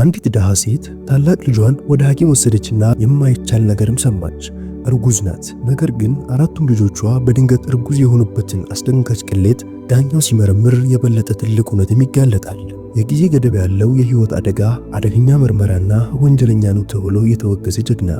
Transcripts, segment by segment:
አንዲት ድሃ ሴት ታላቅ ልጇን ወደ ሐኪም ወሰደችና የማይቻል ነገርም ሰማች። እርጉዝ ናት። ነገር ግን አራቱም ልጆቿ በድንገት እርጉዝ የሆኑበትን አስደንጋጭ ቅሌት ዳኛው ሲመረምር የበለጠ ትልቅ እውነትም ይጋለጣል። የጊዜ ገደብ ያለው የህይወት አደጋ፣ አደገኛ ምርመራና ወንጀለኛ ነው ተብሎ የተወገዘ ጀግና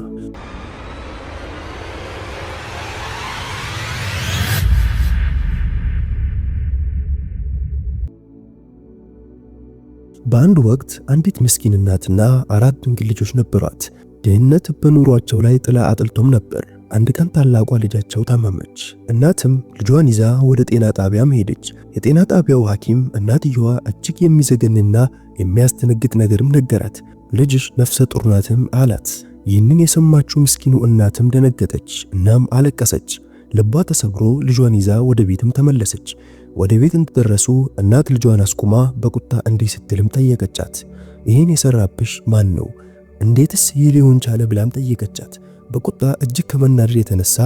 በአንድ ወቅት አንዲት ምስኪን እናትና አራት ድንግል ልጆች ነበሯት። ድህነት በኑሯቸው ላይ ጥላ አጥልቶም ነበር። አንድ ቀን ታላቋ ልጃቸው ታመመች። እናትም ልጇን ይዛ ወደ ጤና ጣቢያም ሄደች። የጤና ጣቢያው ሐኪም እናትየዋ እጅግ የሚዘገንና የሚያስደነግጥ ነገርም ነገራት። ልጅሽ ነፍሰ ጡር ናትም አላት። ይህንን የሰማችው ምስኪኑ እናትም ደነገጠች፣ እናም አለቀሰች። ልቧ ተሰብሮ ልጇን ይዛ ወደ ቤትም ተመለሰች። ወደ ቤት እንደደረሱ እናት ልጇን አስቁማ በቁጣ እንዲህ ስትልም ጠየቀቻት። ይህን የሰራብሽ ማን ነው? እንዴትስ ይህ ሊሆን ቻለ? ብላም ጠየቀቻት። በቁጣ እጅግ ከመናደድ የተነሳ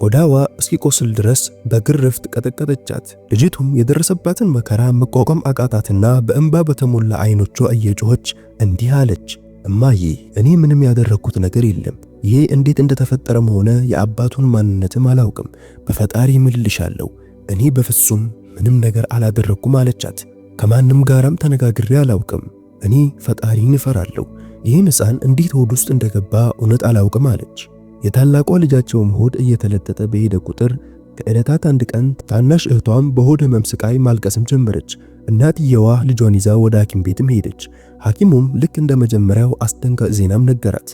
ቆዳዋ እስኪቆስል ድረስ በግርፍት ቀጠቀጠቻት። ልጅቱም የደረሰባትን መከራ መቋቋም አቃታትና በእንባ በተሞላ አይኖቿ እየጮኸች እንዲህ አለች። እማዬ፣ እኔ ምንም ያደረግኩት ነገር የለም። ይሄ እንዴት እንደተፈጠረም ሆነ የአባቱን ማንነትም አላውቅም። በፈጣሪ ምልልሻለሁ እኔ በፍጹም ምንም ነገር አላደረኩም አለቻት። ከማንም ጋራም ተነጋግሬ አላውቅም፣ እኔ ፈጣሪን እፈራለሁ። ይህን ሕፃን እንዴት ሆድ ውስጥ እንደገባ እውነት አላውቅም አለች። የታላቋ ልጃቸውም ሆድ እየተለጠጠ በሄደ ቁጥር ከዕለታት አንድ ቀን ታናሽ እህቷም በሆድ ህመም ስቃይ ማልቀስም ጀመረች። እናትየዋ ልጇን ይዛ ወደ ሐኪም ቤትም ሄደች። ሐኪሙም ልክ እንደ መጀመሪያው አስደንጋጭ ዜናም ነገራት።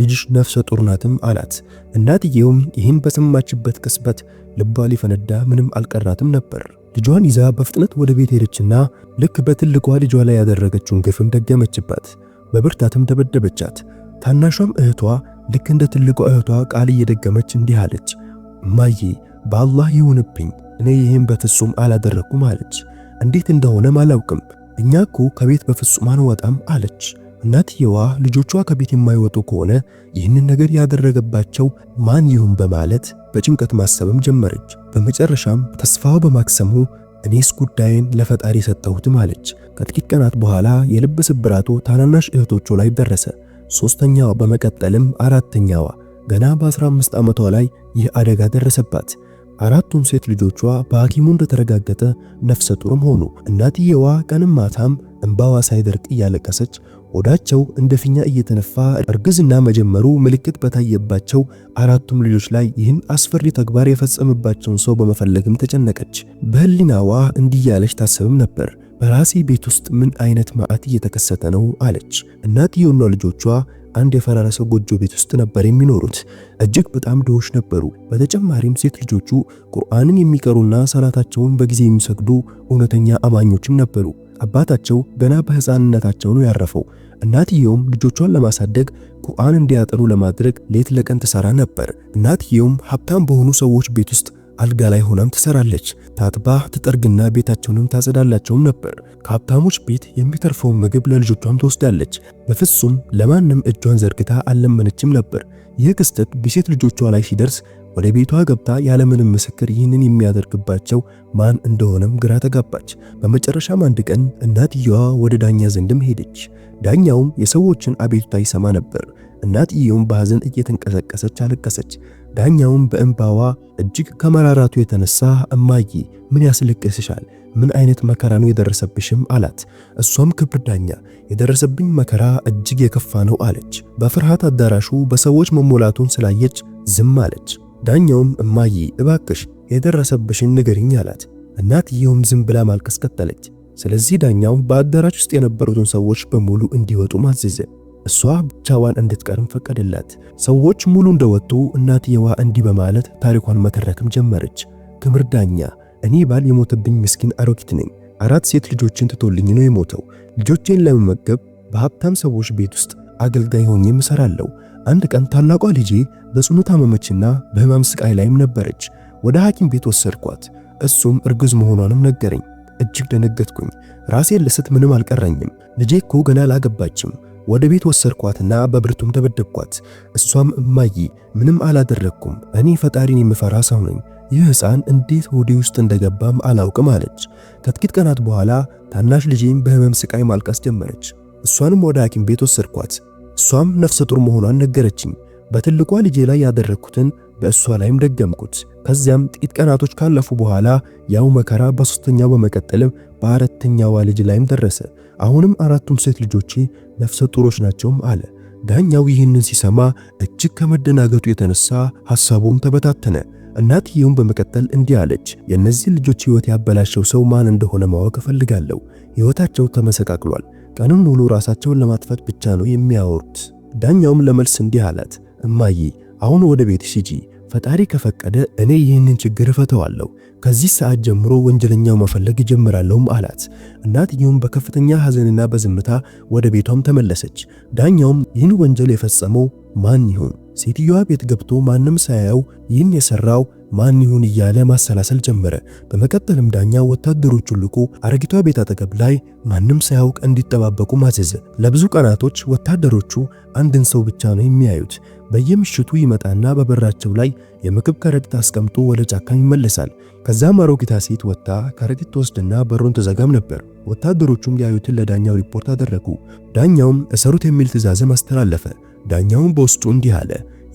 ልጅሽ ነፍሰ ጡር ናትም አላት። እናትየውም ይህን በሰማችበት ቅስበት ልቧ ሊፈነዳ ምንም አልቀራትም ነበር። ልጇን ይዛ በፍጥነት ወደ ቤት ሄደችና ልክ በትልቋ ልጇ ላይ ያደረገችውን ግፍም ደገመችባት። በብርታትም ደበደበቻት። ታናሿም እህቷ ልክ እንደ ትልቋ እህቷ ቃል እየደገመች እንዲህ አለች፣ እማዬ በአላህ ይሁንብኝ እኔ ይህም በፍጹም አላደረግኩም አለች። እንዴት እንደሆነም አላውቅም እኛ እኮ ከቤት በፍጹም አንወጣም አለች። እናትየዋ ልጆቿ ከቤት የማይወጡ ከሆነ ይህንን ነገር ያደረገባቸው ማን ይሁን በማለት በጭንቀት ማሰብም ጀመረች። በመጨረሻም ተስፋ በማክሰሙ እኔስ ጉዳይን ለፈጣሪ ሰጠሁትም አለች። ከጥቂት ቀናት በኋላ የልብ ስብራቱ ታናናሽ እህቶቹ ላይ ደረሰ። ሶስተኛዋ በመቀጠልም አራተኛዋ ገና በ15 ዓመቷ ላይ ይህ አደጋ ደረሰባት። አራቱም ሴት ልጆቿ በሐኪሙ እንደተረጋገጠ ነፍሰ ጡርም ሆኑ። እናትየዋ ቀንም ማታም እንባዋ ሳይደርቅ እያለቀሰች ሆዳቸው እንደ ፊኛ እየተነፋ እርግዝና መጀመሩ ምልክት በታየባቸው አራቱም ልጆች ላይ ይህን አስፈሪ ተግባር የፈጸመባቸውን ሰው በመፈለግም ተጨነቀች። በህሊናዋ እንዲህ ያለች ታስብም ነበር፣ በራሴ ቤት ውስጥ ምን አይነት መዓት እየተከሰተ ነው አለች። እናትየውና ልጆቿ አንድ የፈራረሰ ጎጆ ቤት ውስጥ ነበር የሚኖሩት። እጅግ በጣም ድሆች ነበሩ። በተጨማሪም ሴት ልጆቹ ቁርአንን የሚቀሩና ሰላታቸውን በጊዜ የሚሰግዱ እውነተኛ አማኞችም ነበሩ። አባታቸው ገና በሕፃንነታቸው ነው ያረፈው። እናትየውም ልጆቿን ለማሳደግ ቁርአን እንዲያጠኑ ለማድረግ ሌት ለቀን ትሰራ ነበር። እናትየውም ሀብታም በሆኑ ሰዎች ቤት ውስጥ አልጋ ላይ ሆናም ትሰራለች። ታጥባ ትጠርግና ቤታቸውንም ታጸዳላቸውም ነበር። ከሀብታሞች ቤት የሚተርፈውን ምግብ ለልጆቿም ትወስዳለች። በፍጹም ለማንም እጇን ዘርግታ አልለመነችም ነበር። ይህ ክስተት በሴት ልጆቿ ላይ ሲደርስ ወደ ቤቷ ገብታ ያለምንም ምስክር ይህንን የሚያደርግባቸው ማን እንደሆነም ግራ ተጋባች። በመጨረሻም አንድ ቀን እናትየዋ ወደ ዳኛ ዘንድም ሄደች። ዳኛውም የሰዎችን አቤቱታ ይሰማ ነበር። እናትየውም በሐዘን እየተንቀሳቀሰች አለቀሰች። ዳኛውም በእንባዋ እጅግ ከመራራቱ የተነሳ እማዬ ምን ያስለቅስሻል? ምን አይነት መከራ ነው የደረሰብሽም? አላት። እሷም ክብር ዳኛ፣ የደረሰብኝ መከራ እጅግ የከፋ ነው አለች። በፍርሃት አዳራሹ በሰዎች መሞላቱን ስላየች ዝም አለች። ዳኛውም እማዬ እባክሽ የደረሰብሽን ንገሪኝ አላት። እናትየውም ዝም ብላ ማልቀስ ቀጠለች። ስለዚህ ዳኛው በአዳራሽ ውስጥ የነበሩትን ሰዎች በሙሉ እንዲወጡ ማዘዘ። እሷ ብቻዋን እንድትቀርም ፈቀደላት። ሰዎች ሙሉ እንደወጡ እናትየዋ እንዲህ በማለት ታሪኳን መተረክም ጀመረች። ክብር ዳኛ፣ እኔ ባል የሞተብኝ ምስኪን አሮጊት ነኝ። አራት ሴት ልጆችን ትቶልኝ ነው የሞተው። ልጆቼን ለመመገብ በሀብታም ሰዎች ቤት ውስጥ አገልጋይ ሆኜ እሰራለሁ። አንድ ቀን ታላቋ ልጄ በጽኑ ታመመችና በህመም ስቃይ ላይም ነበረች። ወደ ሐኪም ቤት ወሰድኳት። እሱም እርግዝ መሆኗንም ነገረኝ። እጅግ ደነገጥኩኝ። ራሴን ልስት ምንም አልቀረኝም። ልጄ እኮ ገና አላገባችም። ወደ ቤት ወሰድኳትና በብርቱም ደበደብኳት። እሷም እማዬ ምንም አላደረግኩም፣ እኔ ፈጣሪን የምፈራ ሰው ነኝ። ይህ ሕፃን እንዴት ሆዴ ውስጥ እንደገባም አላውቅም አለች። ከጥቂት ቀናት በኋላ ታናሽ ልጄም በህመም ስቃይ ማልቀስ ጀመረች። እሷንም ወደ ሐኪም ቤት ወሰድኳት። እሷም ነፍሰ ጡር መሆኗን ነገረችኝ። በትልቋ ልጄ ላይ ያደረግኩትን በእሷ ላይም ደገምኩት። ከዚያም ጥቂት ቀናቶች ካለፉ በኋላ ያው መከራ በሶስተኛው በመቀጠልም በአራተኛዋ ልጅ ላይም ደረሰ። አሁንም አራቱም ሴት ልጆቼ ነፍሰ ጡሮች ናቸውም አለ። ዳኛው ይህንን ሲሰማ እጅግ ከመደናገጡ የተነሳ ሐሳቡም ተበታተነ። እናትየውም በመቀጠል እንዲህ አለች፣ የእነዚህ ልጆች ሕይወት ያበላሸው ሰው ማን እንደሆነ ማወቅ እፈልጋለሁ። ሕይወታቸው ተመሰቃቅሏል። ቀኑን ሙሉ ራሳቸውን ለማጥፋት ብቻ ነው የሚያወሩት። ዳኛውም ለመልስ እንዲህ አላት፣ እማዬ አሁን ወደ ቤት ሂጂ። ፈጣሪ ከፈቀደ እኔ ይህንን ችግር እፈተዋለሁ። ከዚህ ሰዓት ጀምሮ ወንጀለኛው መፈለግ እጀምራለሁም አላት። እናትየውም በከፍተኛ ሐዘንና በዝምታ ወደ ቤቷም ተመለሰች። ዳኛውም ይህን ወንጀል የፈጸመው ማን ይሁን፣ ሴትዮዋ ቤት ገብቶ ማንም ሳያየው ይህን የሠራው ማን ይሁን እያለ ማሰላሰል ጀመረ። በመቀጠልም ዳኛ ወታደሮቹን ልኮ አረጊቷ ቤት አጠገብ ላይ ማንም ሳያውቅ እንዲጠባበቁ ማዘዘ። ለብዙ ቀናቶች ወታደሮቹ አንድን ሰው ብቻ ነው የሚያዩት። በየምሽቱ ይመጣና በበራቸው ላይ የምግብ ከረጢት አስቀምጦ ወደ ጫካ ይመለሳል። ከዛም አሮጊቷ ሴት ወጥታ ከረጢት ትወስድና በሩን ትዘጋም ነበር። ወታደሮቹም ያዩትን ለዳኛው ሪፖርት አደረጉ። ዳኛውም እሰሩት የሚል ትዕዛዝም አስተላለፈ። ዳኛውም በውስጡ እንዲህ አለ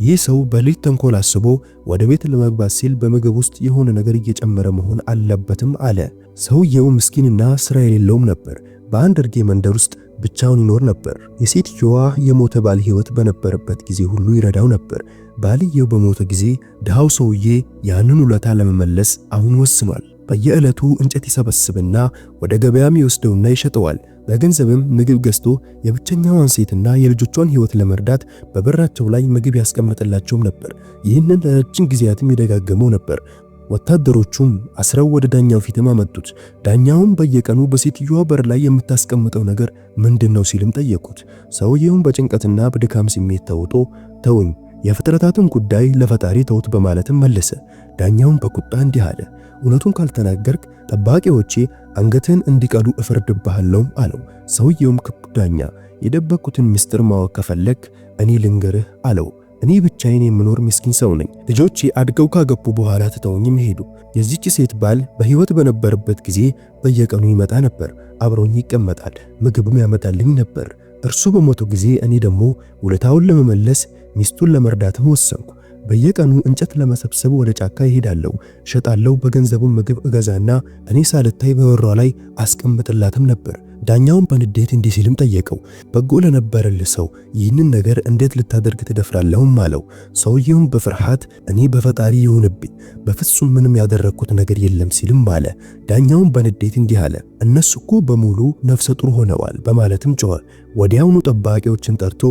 ይህ ሰው በልጅ ተንኮል አስቦ ወደ ቤት ለመግባት ሲል በምግብ ውስጥ የሆነ ነገር እየጨመረ መሆን አለበትም አለ። ሰውየው ምስኪንና ስራ የሌለውም ነበር። በአንድ እርጌ መንደር ውስጥ ብቻውን ይኖር ነበር። የሴትየዋ የሞተ ባል ሕይወት በነበረበት ጊዜ ሁሉ ይረዳው ነበር። ባልየው በሞተ ጊዜ ድሃው ሰውዬ ያንን ውለታ ለመመለስ አሁን ወስኗል። በየዕለቱ እንጨት ይሰበስብና ወደ ገበያም ይወስደውና ይሸጠዋል። በገንዘብም ምግብ ገዝቶ የብቸኛዋን ሴትና የልጆቿን ሕይወት ለመርዳት በበራቸው ላይ ምግብ ያስቀምጥላቸውም ነበር። ይህንን ለረጅም ጊዜያትም ይደጋገመው ነበር። ወታደሮቹም አስረው ወደ ዳኛው ፊትም አመጡት። ዳኛውም በየቀኑ በሴትዮዋ በር ላይ የምታስቀምጠው ነገር ምንድን ነው ሲልም ጠየቁት። ሰውየውም በጭንቀትና በድካም ስሜት ተውጦ ተውኝ የፍጥረታትን ጉዳይ ለፈጣሪ ተውት በማለትም መለሰ። ዳኛውን በቁጣ እንዲህ አለ፣ እውነቱን ካልተናገርክ ጠባቂዎቼ አንገትህን እንዲቀሉ እፈርድብሃለሁ አለው። ሰውየውም ዳኛ የደበቅኩትን ምስጢር ማወቅ ከፈለግ እኔ ልንገርህ አለው። እኔ ብቻዬን የምኖር ምስኪን ሰው ነኝ። ልጆቼ አድገው ካገቡ በኋላ ትተውኝም ሄዱ። የዚች ሴት ባል በሕይወት በነበረበት ጊዜ በየቀኑ ይመጣ ነበር፣ አብሮኝ ይቀመጣል፣ ምግብም ያመጣልኝ ነበር። እርሱ በሞተ ጊዜ እኔ ደግሞ ውለታውን ለመመለስ ሚስቱን ለመርዳትም ወሰንኩ። በየቀኑ እንጨት ለመሰብሰብ ወደ ጫካ ይሄዳለሁ፣ እሸጣለሁ፣ በገንዘቡ ምግብ እገዛና እኔ ሳልታይ በበሯ ላይ አስቀምጥላትም ነበር። ዳኛውን በንዴት እንዲህ ሲልም ጠየቀው፣ በጎ ለነበረልህ ሰው ይህንን ነገር እንዴት ልታደርግ ትደፍራለሁም አለው። ሰውየውም በፍርሃት እኔ በፈጣሪ ይሁንብኝ በፍጹም ምንም ያደረግኩት ነገር የለም ሲልም አለ። ዳኛውን በንዴት እንዲህ አለ፣ እነሱ እኮ በሙሉ ነፍሰ ጡር ሆነዋል በማለትም ጮኸ። ወዲያውኑ ጠባቂዎችን ጠርቶ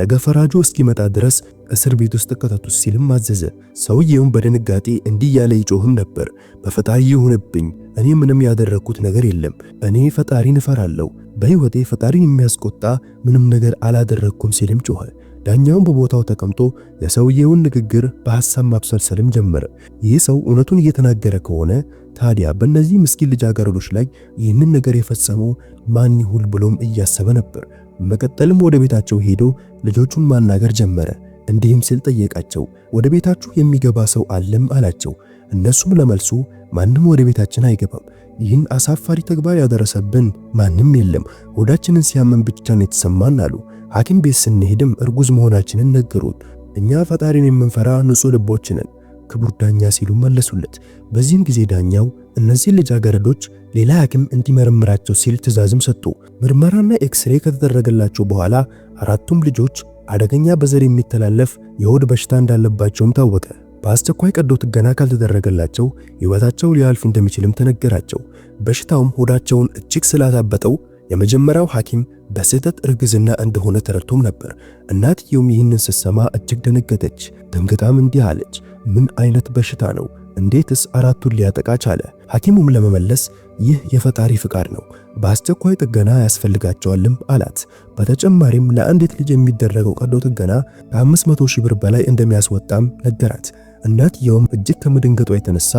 ነገ ፈራጁ እስኪመጣ ድረስ እስር ቤት ውስጥ ተከተቱት ሲልም አዘዘ። ሰውየውም በድንጋጤ እንዲህ ያለ ይጮህም ነበር፣ በፈጣሪ ይሁንብኝ፣ እኔ ምንም ያደረግኩት ነገር የለም። እኔ ፈጣሪን እፈራለሁ፣ በሕይወቴ ፈጣሪን የሚያስቆጣ ምንም ነገር አላደረግኩም ሲልም ጮኸ። ዳኛውም በቦታው ተቀምጦ የሰውየውን ንግግር በሐሳብ ማብሰልሰልም ጀመረ። ይህ ሰው እውነቱን እየተናገረ ከሆነ ታዲያ በእነዚህ ምስኪን ልጃገረዶች ላይ ይህንን ነገር የፈጸመው ማን ይሁን ብሎም እያሰበ ነበር። በመቀጠልም ወደ ቤታቸው ሄዶ ልጆቹን ማናገር ጀመረ። እንዲህም ሲል ጠየቃቸው፣ ወደ ቤታችሁ የሚገባ ሰው አለም አላቸው። እነሱም ለመልሱ ማንም ወደ ቤታችን አይገባም፣ ይህን አሳፋሪ ተግባር ያደረሰብን ማንም የለም፣ ሆዳችንን ሲያመን ብቻ ነው የተሰማን አሉ። ሐኪም ቤት ስንሄድም እርጉዝ መሆናችንን ነገሩን። እኛ ፈጣሪን የምንፈራ ንጹሕ ልቦች ነን ክቡር ዳኛ ሲሉ መለሱለት። በዚህም ጊዜ ዳኛው እነዚህ ልጃገረዶች ሌላ ሐኪም እንዲመረምራቸው ሲል ትእዛዝም ሰጡ። ምርመራና ኤክስሬ ከተደረገላቸው በኋላ አራቱም ልጆች አደገኛ በዘር የሚተላለፍ የሆድ በሽታ እንዳለባቸውም ታወቀ። በአስቸኳይ ቀዶ ጥገና ካልተደረገላቸው ሕይወታቸው ሊያልፍ እንደሚችልም ተነገራቸው። በሽታውም ሆዳቸውን እጅግ ስላሳበጠው የመጀመሪያው ሐኪም በስህተት እርግዝና እንደሆነ ተረድቶም ነበር። እናትየውም ይህንን ስትሰማ እጅግ ደነገጠች። ደንግጣም እንዲህ አለች፣ ምን አይነት በሽታ ነው? እንዴትስ አራቱን ሊያጠቃ ቻለ? ሐኪሙም ለመመለስ ይህ የፈጣሪ ፍቃድ ነው፣ በአስቸኳይ ጥገና ያስፈልጋቸዋልም አላት። በተጨማሪም ለአንዲት ልጅ የሚደረገው ቀዶ ጥገና ከ500 ሺህ ብር በላይ እንደሚያስወጣም ነገራት። እናትየውም እጅግ ከመደንገጧ የተነሳ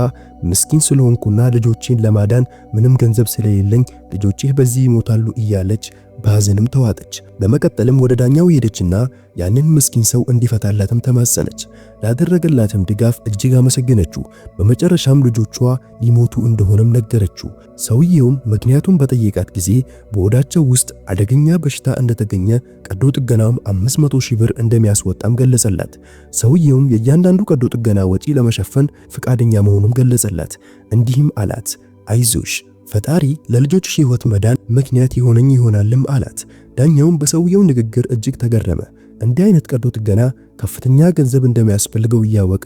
ምስኪን ስለሆንኩና ልጆችን ለማዳን ምንም ገንዘብ ስለሌለኝ ልጆችህ በዚህ ይሞታሉ እያለች በሐዘንም ተዋጠች። በመቀጠልም ወደ ዳኛው ሄደችና ያንን ምስኪን ሰው እንዲፈታላትም ተማጸነች። ላደረገላትም ድጋፍ እጅግ አመሰገነችው። በመጨረሻም ልጆቿ ሊሞቱ እንደሆነም ነገረችው። ሰውየውም ምክንያቱም በጠየቃት ጊዜ በሆዳቸው ውስጥ አደገኛ በሽታ እንደተገኘ፣ ቀዶ ጥገናውም 500 ሺህ ብር እንደሚያስወጣም ገለጸላት። ሰውየውም የእያንዳንዱ ቀዶ ጥገና ወጪ ለመሸፈን ፈቃደኛ መሆኑም ገለጸላት። እንዲህም አላት አይዞሽ ፈጣሪ ለልጆችሽ ሕይወት መዳን ምክንያት የሆነኝ ይሆናልም አላት። ዳኛውም በሰውየው ንግግር እጅግ ተገረመ። እንዲህ አይነት ቀዶ ጥገና ከፍተኛ ገንዘብ እንደሚያስፈልገው እያወቀ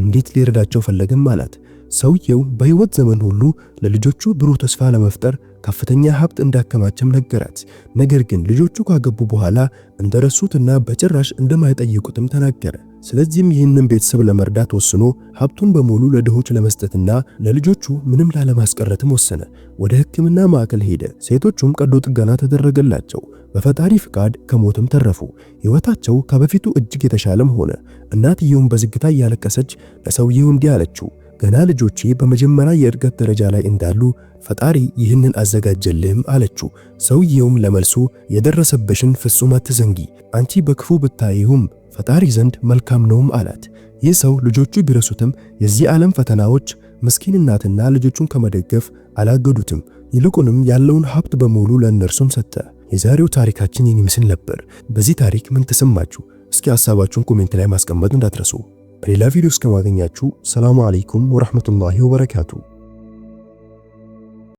እንዴት ሊረዳቸው ፈለገም አላት። ሰውየው በሕይወት ዘመን ሁሉ ለልጆቹ ብሩህ ተስፋ ለመፍጠር ከፍተኛ ሀብት እንዳከማቸም ነገራት። ነገር ግን ልጆቹ ካገቡ በኋላ እንደረሱትና በጭራሽ እንደማይጠይቁትም ተናገረ። ስለዚህም ይህንን ቤተሰብ ለመርዳት ወስኖ ሀብቱን በሙሉ ለድሆች ለመስጠትና ለልጆቹ ምንም ላለማስቀረትም ወሰነ። ወደ ሕክምና ማዕከል ሄደ። ሴቶቹም ቀዶ ጥገና ተደረገላቸው። በፈጣሪ ፍቃድ ከሞትም ተረፉ። ሕይወታቸው ከበፊቱ እጅግ የተሻለም ሆነ። እናትየውም በዝግታ እያለቀሰች ለሰውየው እንዲህ አለችው፣ ገና ልጆቼ በመጀመሪያ የእድገት ደረጃ ላይ እንዳሉ ፈጣሪ ይህንን አዘጋጀልህም አለችው። ሰውየውም ለመልሱ የደረሰበሽን ፍጹም አትዘንጊ፣ አንቺ በክፉ ብታይሁም ፈጣሪ ዘንድ መልካም ነውም አላት። ይህ ሰው ልጆቹ ቢረሱትም የዚህ ዓለም ፈተናዎች ምስኪን እናትና ልጆቹን ከመደገፍ አላገዱትም። ይልቁንም ያለውን ሀብት በሙሉ ለእነርሱም ሰጠ። የዛሬው ታሪካችን ይህን ይመስል ነበር። በዚህ ታሪክ ምን ተሰማችሁ? እስኪ ሀሳባችሁን ኮሜንት ላይ ማስቀመጥ እንዳትረሱ። በሌላ ቪዲዮ እስከማገኛችሁ ሰላሙ አለይኩም ወረሕመቱላሂ ወበረካቱ።